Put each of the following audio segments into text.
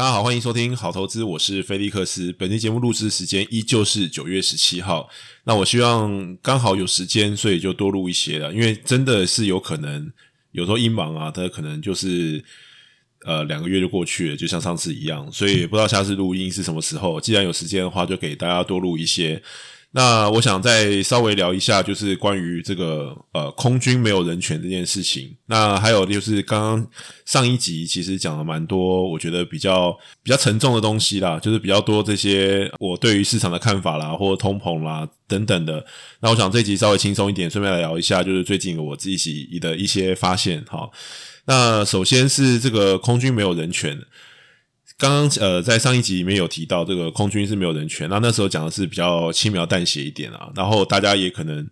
大家好，歡迎收聽好投資，我是菲力克斯。本期節目錄製時間依舊是九月十七號。那我希望剛好有時間，所以就多錄一些了，因為真的是有可能有時候一忙啊，他可能就是呃兩個月就過去了，就像上次一樣。所以也不知道下次錄音是什麼時候，既然有時間的話，就給大家多錄一些。那我想再稍微聊一下，就是關於這個呃，空軍沒有人權這件事情。那還有就是，剛剛上一集其實講了蠻多，我覺得比較比較沉重的東西啦，就是比較多這些我對於市場的看法啦，或者通膨啦等等的。那我想這集稍微輕鬆一點，順便來聊一下，就是最近我自己的一些發現哈。那首先是這個空軍沒有人權。剛剛呃，在上一集裡面有提到，這個空軍是沒有人權。那那時候講的是比較輕描淡寫一點啊，然後大家也可能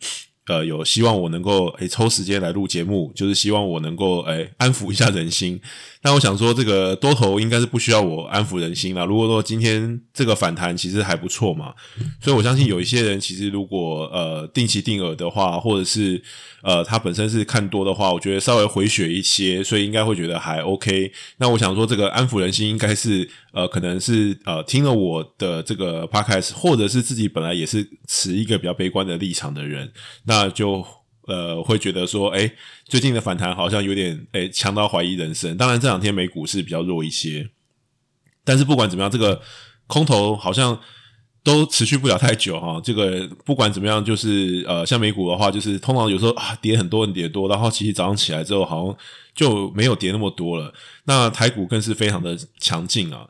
呃有希望我能夠誒、欸、抽時間來錄節目，就是希望我能夠誒、欸、安撫一下人心。那我想說，這個多頭應該是不需要我安撫人心啦。如果說今天這個反彈其實還不錯嘛，所以我相信有一些人其實如果呃定期定額的話，或者是呃他本身是看多的話，我覺得稍微回血一些，所以應該會覺得還 OK。那我想說，這個安撫人心應該是呃可能是呃聽了我的這個 Podcast，或者是自己本來也是持一個比較悲觀的立場的人，那就。呃，會覺得說，誒，最近的反彈好像有點，誒，強到懷疑人生。當然，這兩天美股是比較弱一些，但是不管怎麼樣，這個空頭好像都持續不了太久哈。這個不管怎麼樣，就是呃，像美股的話，就是通常有時候啊跌很多，很跌多，然後其實早上起來之後，好像就沒有跌那麼多了。那台股更是非常的強勁啊。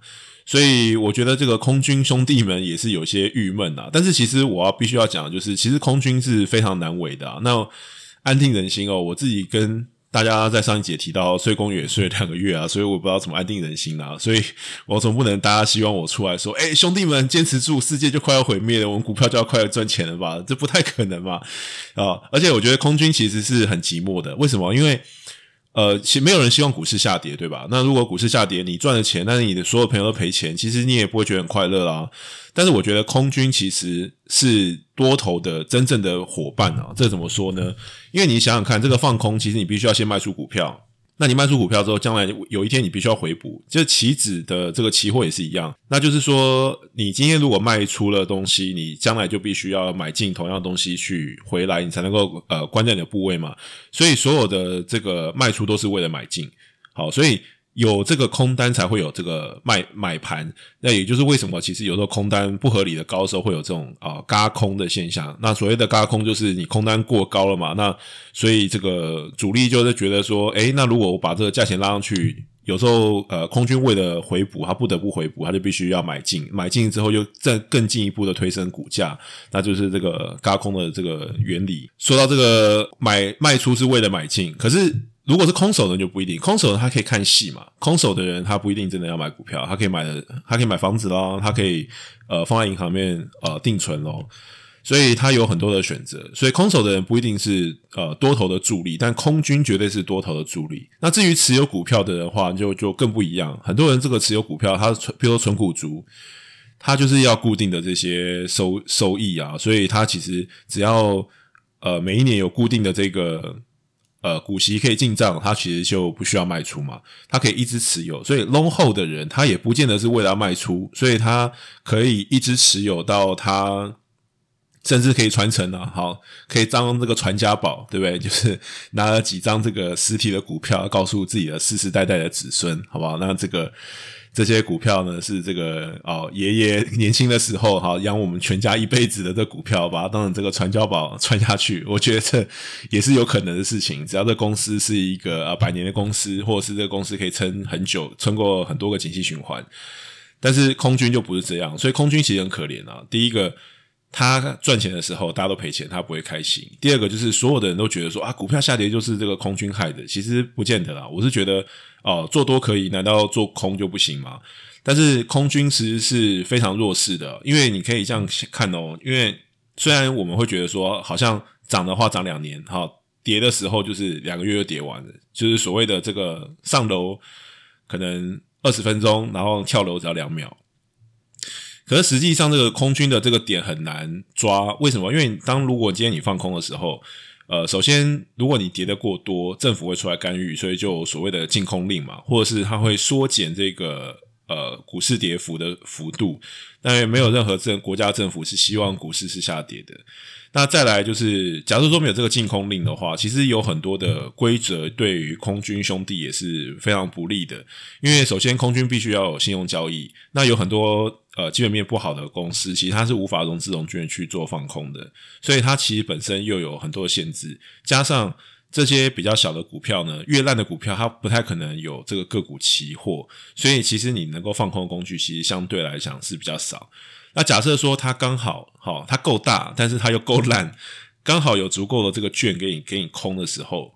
所以我覺得這個空軍兄弟們也是有些鬱悶吶。但是其實我要必須要講的就是，其實空軍是非常難為的啊。那安定人心哦，我自己跟大家在上一集提到睡公園睡兩個月啊，所以我不知道怎麼安定人心啊。所以我總不能大家希望我出來說，誒、欸，兄弟們堅持住，世界就快要毀滅了，我們股票就要快要賺錢了吧？這不太可能嘛啊！而且我覺得空軍其實是很寂寞的，為什麼？因為呃，其實沒有人希望股市下跌，對吧？那如果股市下跌，你賺了錢，但是你的所有朋友都賠錢，其實你也不會覺得很快樂啦。但是我覺得空軍其實是多頭的真正的夥伴啊，這怎麼說呢？因為你想想看，這個放空，其實你必須要先賣出股票。那你賣出股票之後，將來有一天你必須要回補，就是期指的這個期貨也是一樣。那就是說，你今天如果賣出了東西，你將來就必須要買進同樣的東西去回來，你才能夠呃關掉你的部位嘛。所以所有的這個賣出都是為了買進，好，所以。有這個空單才會有這個賣買盤，那也就是為什麼其實有時候空單不合理的高的時候會有這種啊、呃、嘎空的現象。那所謂的嘎空就是你空單過高了嘛，那所以這個主力就是覺得說，誒，那如果我把這個價錢拉上去，有時候呃，空軍為了回補，他不得不回補，他就必須要買進，買進之後又再更進一步的推升股價，那就是這個嘎空的這個原理。說到這個買賣出是為了買進，可是。如果是空手的人就不一定，空手的人他可以看戲嘛，空手的人他不一定真的要買股票，他可以買，他可以買房子嘍，他可以呃放在銀行裡面呃定存嘍，所以他有很多的選擇，所以空手的人不一定是呃多頭的助力，但空軍絕對是多頭的助力。那至於持有股票的人的話，就就更不一樣，很多人這個持有股票他，他存，比如說存股族，他就是要固定的這些收收益啊，所以他其實只要呃每一年有固定的這個。呃，股息可以進賬，它其實就不需要賣出嘛，它可以一直持有，所以 long hold 的人，他也不見得是為了要賣出，所以他可以一直持有到他。甚至可以傳承了，啊，好，可以當這個傳家寶，對不對？就是拿了幾張這個實體的股票，告訴自己的世世代代的子孫，好不好？那這個這些股票呢，是這個哦，爺爺年輕的時候，好養我們全家一輩子的這股票，把它當成這個傳家寶傳下去。我覺得這也是有可能的事情，只要這公司是一個啊百年的公司，或者是這個公司可以撐很久，撐過很多個景氣循環。但是空軍就不是這樣，所以空軍其實很可憐啊。第一個。他賺錢的時候，大家都賠錢，他不會開心。第二個就是所有的人都覺得說啊，股票下跌就是這個空軍害的，其實不見得啦。我是覺得哦、呃，做多可以，難道做空就不行嗎？但是空軍其實是非常弱勢的，因為你可以這樣看哦。因為雖然我們會覺得說好像漲的話漲兩年，哈、哦，跌的時候就是兩個月就跌完了，就是所謂的這個上樓可能二十分鐘，然後跳樓只要兩秒。可是實際上，這個空軍的這個點很難抓。為什麼？因為當如果今天你放空的時候，呃，首先如果你跌得過多，政府會出來干預，所以就所謂的禁空令嘛，或者是他會縮減這個。呃，股市跌幅的幅度，但也沒有任何政國家政府是希望股市是下跌的。那再來就是，假如說沒有這個禁空令的話，其實有很多的規則對於空軍兄弟也是非常不利的。因為首先，空軍必須要有信用交易，那有很多呃基本面不好的公司，其實它是無法融資融券去做放空的，所以它其實本身又有很多限制，加上。這些比較小的股票呢，越爛的股票，它不太可能有這個個股期貨，所以其實你能夠放空的工具，其實相對來講是比較少。那假設說它剛好，好、哦，它夠大，但是它又夠爛，剛好有足夠的這個券給你給你空的時候，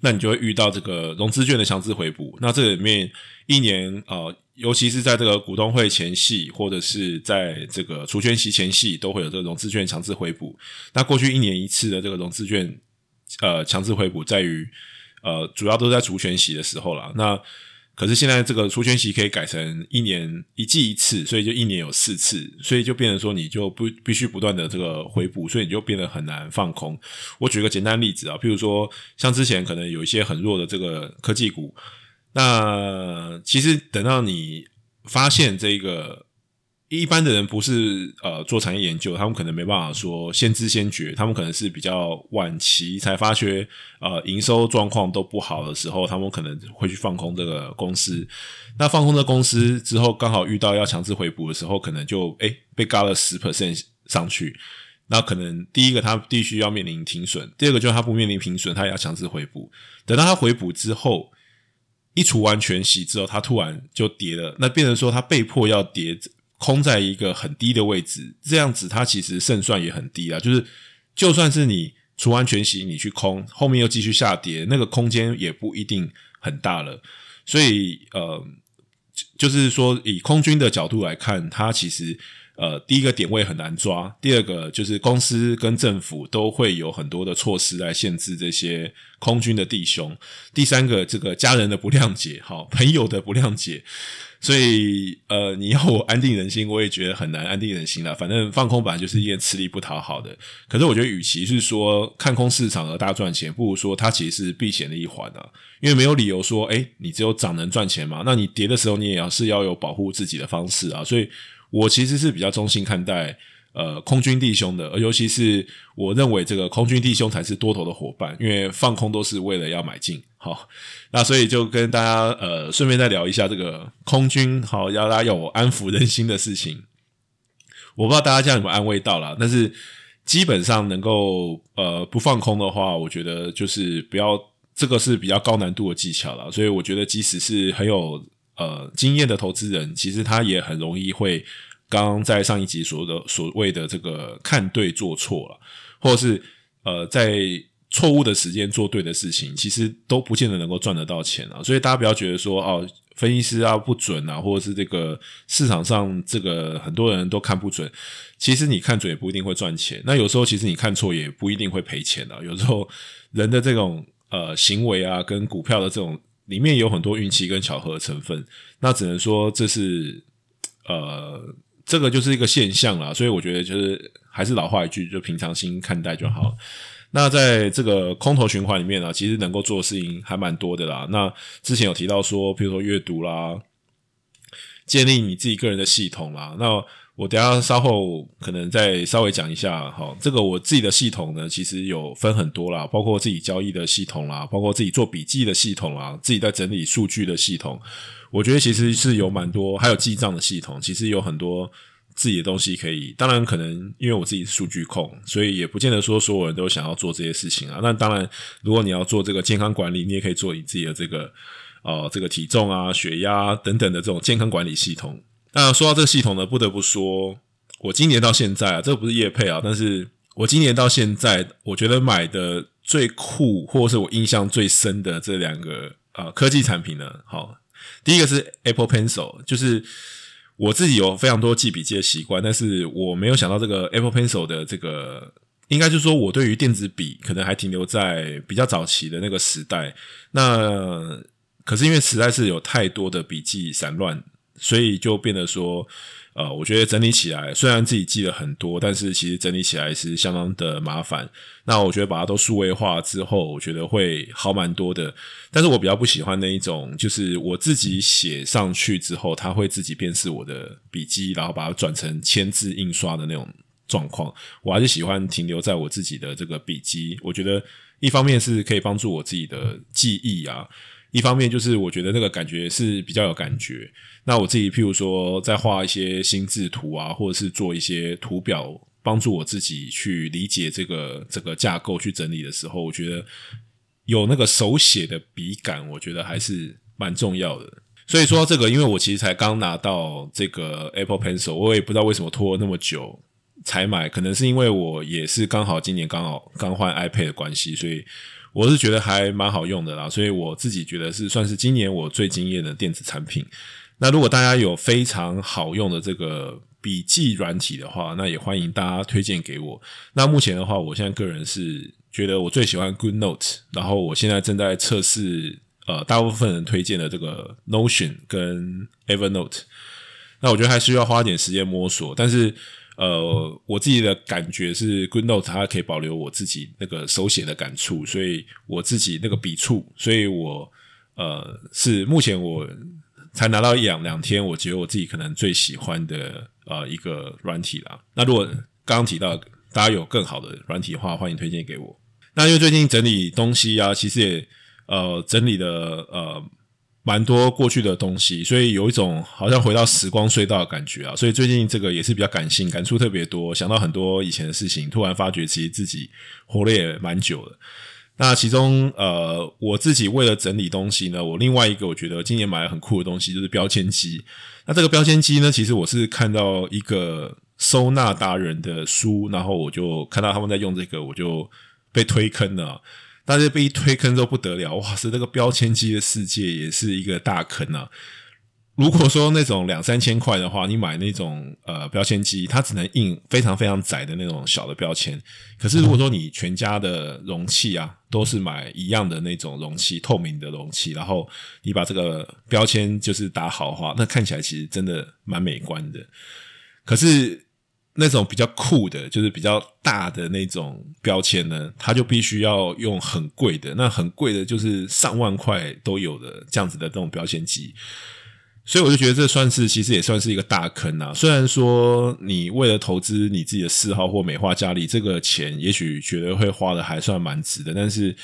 那你就會遇到這個融資券的強制回補。那這裡面一年啊、呃，尤其是在這個股東會前夕，或者是在這個除權息前夕，都會有這個融資券強制回補。那過去一年一次的這個融資券。呃，強制回補在於，呃，主要都在除權息的時候啦。那可是現在這個除權息可以改成一年一季一次，所以就一年有四次，所以就變成說你就不必須不斷的這個回補，所以你就變得很難放空。我舉個簡單例子啊，譬如說像之前可能有一些很弱的這個科技股，那其實等到你發現這個。一般的人不是呃做產業研究，他們可能沒辦法說先知先覺，他們可能是比較晚期才發覺呃營收狀況都不好的時候，他們可能會去放空這個公司。那放空這個公司之後，剛好遇到要強制回補的時候，可能就誒、欸、被嘎了十 percent 上去。那可能第一個他必須要面臨停損，第二個就是他不面臨停損，他也要強制回補。等到他回補之後，一除完權息之後，他突然就跌了，那變成說他被迫要跌。空在一個很低的位置，這樣子它其實勝算也很低啊。就是就算是你除完權息你去空，後面又繼續下跌，那個空間也不一定很大了。所以，呃，就是說以空軍的角度來看，它其實。呃，第一個點位很難抓，第二個就是公司跟政府都會有很多的措施來限制這些空軍的弟兄，第三個這個家人的不諒解，好朋友的不諒解，所以呃，你要我安定人心，我也覺得很難安定人心啦。反正放空本來就是一件吃力不討好的，可是我覺得，與其是說看空市場而大賺錢，不如說它其實是避險的一環啊。因為沒有理由說，誒、欸，你只有漲能賺錢嘛？那你跌的時候，你也要是要有保護自己的方式啊。所以。我其實是比較中性看待呃空軍弟兄的，而尤其是我認為這個空軍弟兄才是多頭的夥伴，因為放空都是為了要買進。好，那所以就跟大家呃順便再聊一下這個空軍，好，要大家有安撫人心的事情。我不知道大家這樣有沒有安慰到啦，但是基本上能夠呃不放空的話，我覺得就是不要這個是比較高難度的技巧啦，所以我覺得即使是很有。呃，經驗的投資人其實他也很容易會，剛剛在上一集所的所謂的這個看對做錯了啊，或者是呃在錯誤的時間做對的事情，其實都不見得能夠賺得到錢啊。所以大家不要覺得說哦，分析師啊不準啊，或者是這個市場上這個很多人都看不準，其實你看準也不一定會賺錢，那有時候其實你看錯也不一定會賠錢啊。有時候人的這種呃行為啊，跟股票的這種。裡面有很多運氣跟巧合的成分，那只能說這是呃，這個就是一個現象啦。所以我覺得就是還是老話一句，就平常心看待就好。那在這個空頭循環裡面呢、啊，其實能夠做的事情還蠻多的啦。那之前有提到說，比如說閱讀啦，建立你自己個人的系統啦，那。我等下稍後可能再稍微講一下哈，這個我自己的系統呢，其實有分很多啦，包括自己交易的系統啦，包括自己做筆記的系統啦，自己在整理數據的系統，我覺得其實是有蠻多，還有記賬的系統，其實有很多自己的東西可以。當然，可能因為我自己是數據控，所以也不見得說所有人都想要做這些事情啊。那當然，如果你要做這個健康管理，你也可以做你自己的這個呃這個體重啊、血壓等等的這種健康管理系統。那說到這個系統呢，不得不說，我今年到現在啊，這個不是業配啊，但是我今年到現在，我覺得買的最酷或是我印象最深的這兩個啊、呃、科技產品呢，好，第一個是 Apple Pencil，就是我自己有非常多記筆記的習慣，但是我沒有想到這個 Apple Pencil 的這個，應該就是說我對於電子筆可能還停留在比較早期的那個時代，那可是因為實在是有太多的筆記散亂。所以就變得說，呃，我覺得整理起來雖然自己記了很多，但是其實整理起來是相當的麻煩。那我覺得把它都數位化之後，我覺得會好蠻多的。但是我比較不喜歡那一種，就是我自己寫上去之後，它會自己辨識我的筆記，然後把它轉成鉛字印刷的那種狀況。我還是喜歡停留在我自己的這個筆記。我覺得一方面是可以幫助我自己的記憶啊。一方面就是我覺得那個感覺是比較有感覺。那我自己譬如說在畫一些心智圖啊，或者是做一些圖表，幫助我自己去理解這個這個架構去整理的時候，我覺得有那個手寫的筆感，我覺得還是蠻重要的。所以說這個，因為我其實才剛拿到這個 Apple Pencil，我也不知道為什麼拖了那麼久才買，可能是因為我也是剛好今年剛好剛換 iPad 的關係，所以。我是覺得還蠻好用的啦，所以我自己覺得是算是今年我最驚艷的電子產品。那如果大家有非常好用的這個筆記軟體的話，那也歡迎大家推薦給我。那目前的話，我現在個人是覺得我最喜歡 Good Note，然後我現在正在測試，呃，大部分人推薦的這個 Notion 跟 Evernote。那我覺得還需要花點時間摸索，但是。呃，我自己的感覺是，Goodnotes 它可以保留我自己那個手寫的感觸，所以我自己那個筆觸，所以我呃是目前我才拿到一兩兩天，我覺得我自己可能最喜歡的呃一個軟體啦。那如果剛剛提到大家有更好的軟體的話，歡迎推薦給我。那因為最近整理東西啊，其實也呃整理的呃。蠻多過去的東西，所以有一種好像回到時光隧道的感覺啊！所以最近這個也是比較感性，感觸特別多，想到很多以前的事情，突然發覺其實自己活了也蠻久了。那其中呃，我自己為了整理東西呢，我另外一個我覺得今年買了很酷的東西，就是標籤機。那這個標籤機呢，其實我是看到一個收納達人的書，然後我就看到他們在用這個，我就被推坑了。大家被一推坑都不得了，哇塞！是這個標籤機的世界也是一個大坑啊。如果說那種兩三千塊的話，你買那種呃標籤機，它只能印非常非常窄的那種小的標籤。可是如果說你全家的容器啊，都是買一樣的那種容器，透明的容器，然後你把這個標籤就是打好的話，那看起來其實真的蠻美觀的。可是。那種比較酷的，就是比較大的那種標籤呢，它就必須要用很貴的，那很貴的，就是上萬塊都有的這樣子的這種標籤機。所以我就覺得這算是，其實也算是一個大坑啊。雖然說你為了投資你自己的嗜好或美化家裡，這個錢也許覺得會花的還算蠻值的，但是。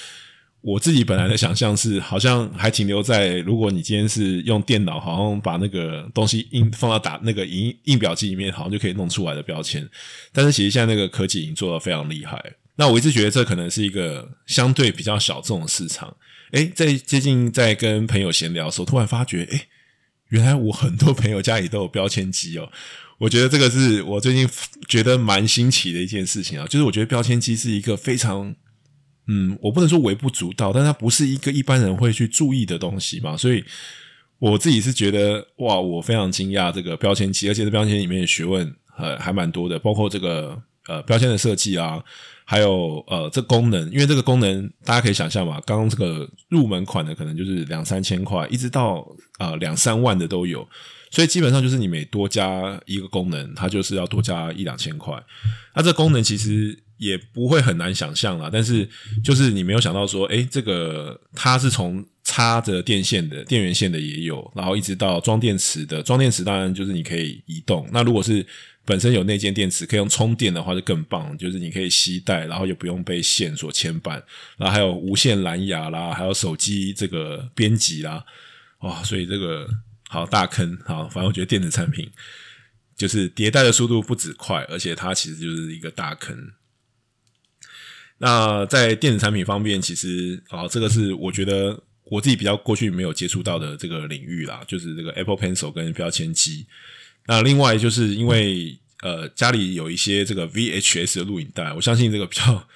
我自己本來的想象是，好像還停留在，如果你今天是用電腦，好像把那個東西印放到打那個印印表機裡面，好像就可以弄出來的標籤。但是其實現在那個科技已經做得非常厲害。那我一直覺得這可能是一個相對比較小眾的市場。誒，在最近在跟朋友閒聊的時候，突然發覺，誒，原來我很多朋友家裡都有標籤機哦。我覺得這個是我最近覺得蠻新奇的一件事情啊。就是我覺得標籤機是一個非常。嗯，我不能說微不足道，但它不是一個一般人會去注意的東西嘛，所以我自己是覺得哇，我非常驚訝這個標籤機，而且這標籤裡面的學問呃還蠻多的，包括這個呃標籤的設計啊，還有呃這功能，因為這個功能大家可以想象嘛，剛剛這個入門款的可能就是兩三千塊，一直到啊、呃、兩三萬的都有，所以基本上就是你每多加一個功能，它就是要多加一兩千塊，那這功能其實。也不會很難想象啦，但是就是你沒有想到說，哎、欸，這個它是從插着電線的電源線的也有，然後一直到裝電池的，裝電池當然就是你可以移動。那如果是本身有內建電池，可以用充電的話就更棒，就是你可以攜帶，然後又不用被線所牽絆。然後還有無線藍牙啦，還有手機這個編輯啦，哇、哦，所以這個好大坑啊！反正我覺得電子產品就是迭代的速度不止快，而且它其實就是一個大坑。那在電子產品方面，其實啊，這個是我覺得我自己比較過去沒有接觸到的這個領域啦，就是這個 Apple Pencil 跟標籤機。那另外，就是因為呃家裡有一些這個 VHS 的錄影帶，我相信這個比較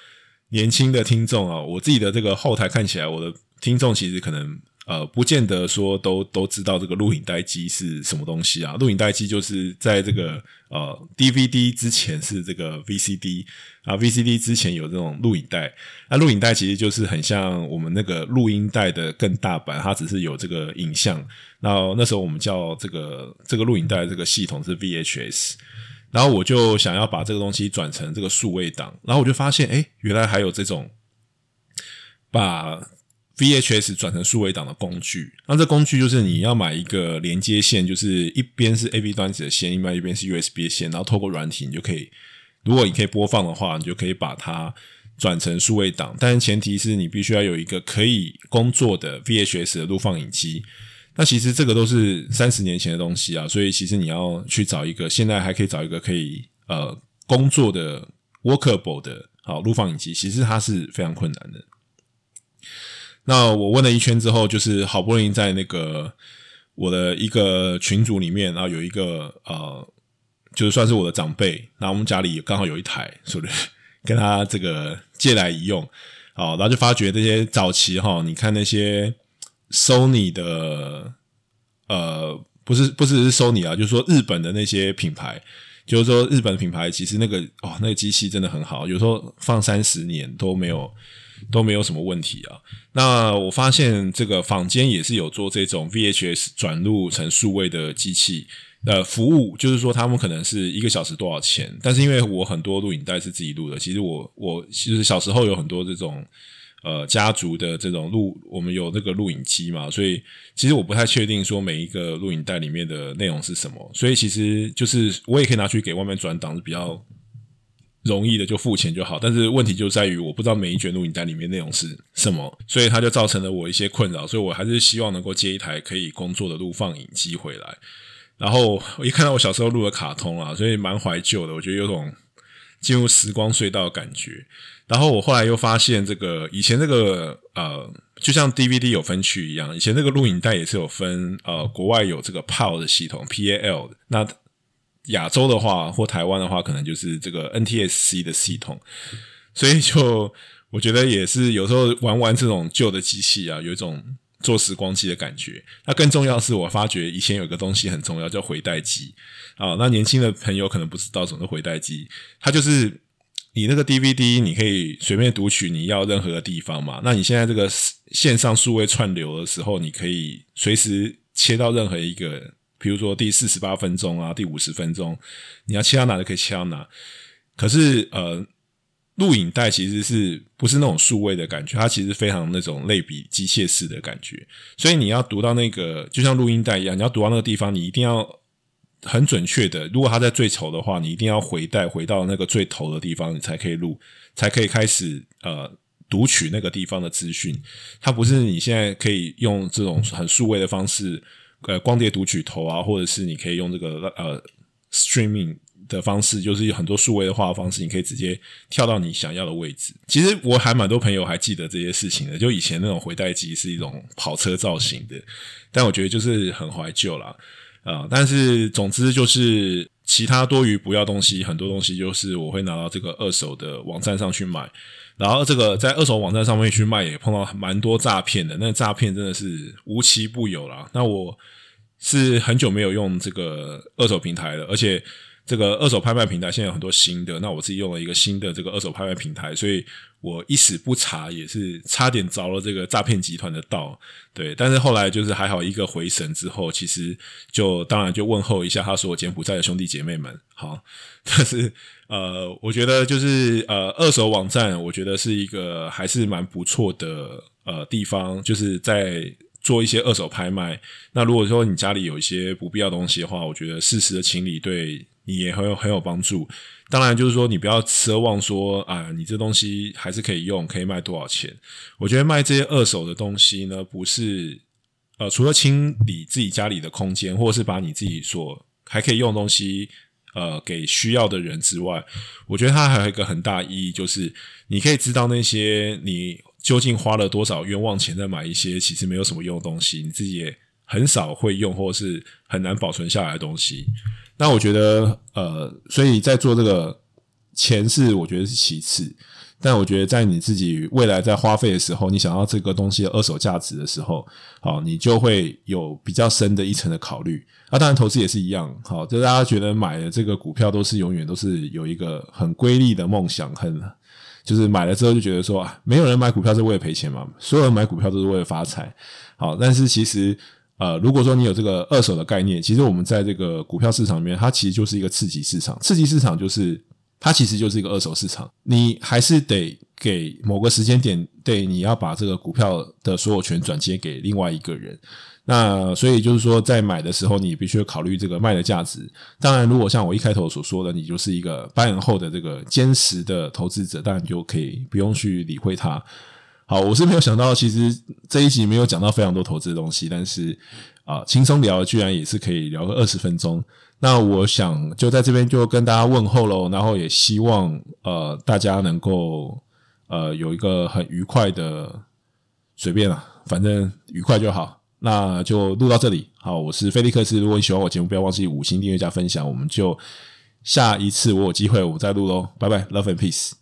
年輕的聽眾啊，我自己的這個後台看起來，我的聽眾其實可能。呃，不見得說都都知道這個錄影帶機是什麼東西啊。錄影帶機就是在這個呃 DVD 之前是這個 VCD 啊，VCD 之前有這種錄影帶。那、啊、錄影帶其實就是很像我們那個錄音帶的更大版，它只是有這個影像。那那時候我們叫這個這個錄影帶的這個系統是 VHS。然後我就想要把這個東西轉成這個數位檔，然後我就發現，哎，原來還有這種把。VHS 轉成數位檔的工具，那這工具就是你要買一個連接線，就是一邊是 A/V 端子的線，另外一邊是 USB 的線，然後透過軟體你就可以，如果你可以播放的話，你就可以把它轉成數位檔。但是前提是你必須要有一個可以工作的 VHS 的錄放影機。那其實這個都是三十年前的東西啊，所以其實你要去找一個現在還可以找一個可以呃工作的 workable 的好錄放影機，其實它是非常困難的。那我問了一圈之後，就是好不容易在那個我的一個群組裡面，然後有一個呃，就是算是我的長輩，然後我們家裡剛好有一台，所以跟他這個借來一用，哦，然後就發覺這些早期哈，你看那些 Sony 的呃，不是，不只是 Sony 啊，就是說日本的那些品牌，就是說日本品牌其實那個哇、哦，那個機器真的很好，有時候放三十年都沒有。都沒有什麼問題啊。那我發現這個坊間也是有做這種 VHS 轉錄成數位的機器，呃，服務就是說他們可能是一個小時多少錢。但是因為我很多錄影帶是自己錄的，其實我我其實小時候有很多這種呃家族的這種錄，我們有那個錄影機嘛，所以其實我不太確定說每一個錄影帶裡面的內容是什麼。所以其實就是我也可以拿去給外面轉檔，是比較。容易的，就付錢就好，但是問題就在於我不知道每一卷錄影帶裡面內容是什麼，所以它就造成了我一些困擾。所以我還是希望能夠接一台可以工作的錄放影機回來。然後我一看到我小時候錄的卡通啊，所以蠻懷舊的，我覺得有種進入時光隧道的感覺。然後我後來又發現，這個以前那個呃，就像 DVD 有分區一樣，以前那個錄影帶也是有分呃，國外有這個 PAL 的系統 PAL 的那。亞洲的話或台灣的話，可能就是這個 NTSC 的系統，所以就我覺得也是有時候玩玩這種舊的機器啊，有一種坐時光機的感覺。那更重要的是，我發覺以前有一個東西很重要，叫回帶機啊。那年輕的朋友可能不知道什麼是回帶機，它就是你那個 DVD，你可以隨便讀取你要任何的地方嘛。那你現在這個線上數位串流的時候，你可以隨時切到任何一個。比如說第四十八分鐘啊，第五十分鐘，你要切到哪就可以切到哪。可是呃，錄影帶其實是不是那種數位的感覺？它其實非常那種類比機械式的感覺。所以你要讀到那個，就像錄音帶一樣，你要讀到那個地方，你一定要很準確的。如果它在最頭的話，你一定要回帶回到那個最頭的地方，你才可以錄，才可以開始呃讀取那個地方的資訊。它不是你現在可以用這種很數位的方式。呃，光碟讀取頭啊，或者是你可以用這個呃 streaming 的方式，就是有很多數位化的畫方式，你可以直接跳到你想要的位置。其實我還蠻多朋友還記得這些事情的，就以前那種回帶機是一種跑車造型的，但我覺得就是很懷舊啦。啊、呃。但是總之就是。其他多餘不要東西，很多東西就是我會拿到這個二手的網站上去賣，然後這個在二手網站上面去賣也碰到蠻多詐騙的，那詐騙真的是無奇不有啦。那我是很久沒有用這個二手平台了，而且這個二手拍賣平台現在有很多新的，那我自己用了一個新的這個二手拍賣平台，所以。我一時不察，也是差點遭了這個詐騙集團的道，對。但是後來就是還好一個回神之後，其實就當然就問候一下他說柬埔寨的兄弟姐妹們，好。但是呃，我覺得就是呃，二手網站我覺得是一個還是蠻不錯的呃地方，就是在做一些二手拍賣。那如果說你家裡有一些不必要的東西的話，我覺得適時的清理對。你也很有很有幫助，當然就是說你不要奢望說啊，你這東西還是可以用，可以賣多少錢？我覺得賣這些二手的東西呢，不是呃，除了清理自己家裡的空間，或者是把你自己所還可以用的東西呃給需要的人之外，我覺得它還有一個很大意義，就是你可以知道那些你究竟花了多少冤枉錢在買一些其實沒有什麼用的東西，你自己也很少會用或者是很難保存下來的東西。那我覺得，呃，所以在做這個錢是我覺得是其次，但我覺得在你自己未來在花費的時候，你想要這個東西的二手價值的時候，好，你就會有比較深的一層的考慮。那、啊、當然，投資也是一樣，好，就大家覺得買的這個股票都是永遠都是有一個很瑰麗的夢想，很就是買了之後就覺得說啊、哎，沒有人買股票是為了賠錢嘛，所有人買股票都是為了發財，好，但是其實。呃，如果說你有這個二手的概念，其實我們在這個股票市場裡面，它其實就是一個次級市場。次級市場就是它其實就是一個二手市場，你還是得給某個時間點，對，你要把這個股票的所有權轉接給另外一個人。那所以就是說，在買的時候，你必須要考慮這個賣的價值。當然，如果像我一開頭所說的，你就是一個 buy and hold 的這個堅實的投資者，當然你就可以不用去理會它。好，我是沒有想到，其實這一集沒有講到非常多投資的東西，但是啊，輕鬆聊居然也是可以聊個二十分鐘。那我想就在這邊就跟大家問候嘍，然後也希望呃大家能夠呃有一個很愉快的，隨便啦反正愉快就好。那就錄到這裡，好，我是菲力克斯。如果你喜歡我節目，不要忘記五星訂閱加分享。我們就下一次我有機會我再錄嘍，拜拜，love and peace。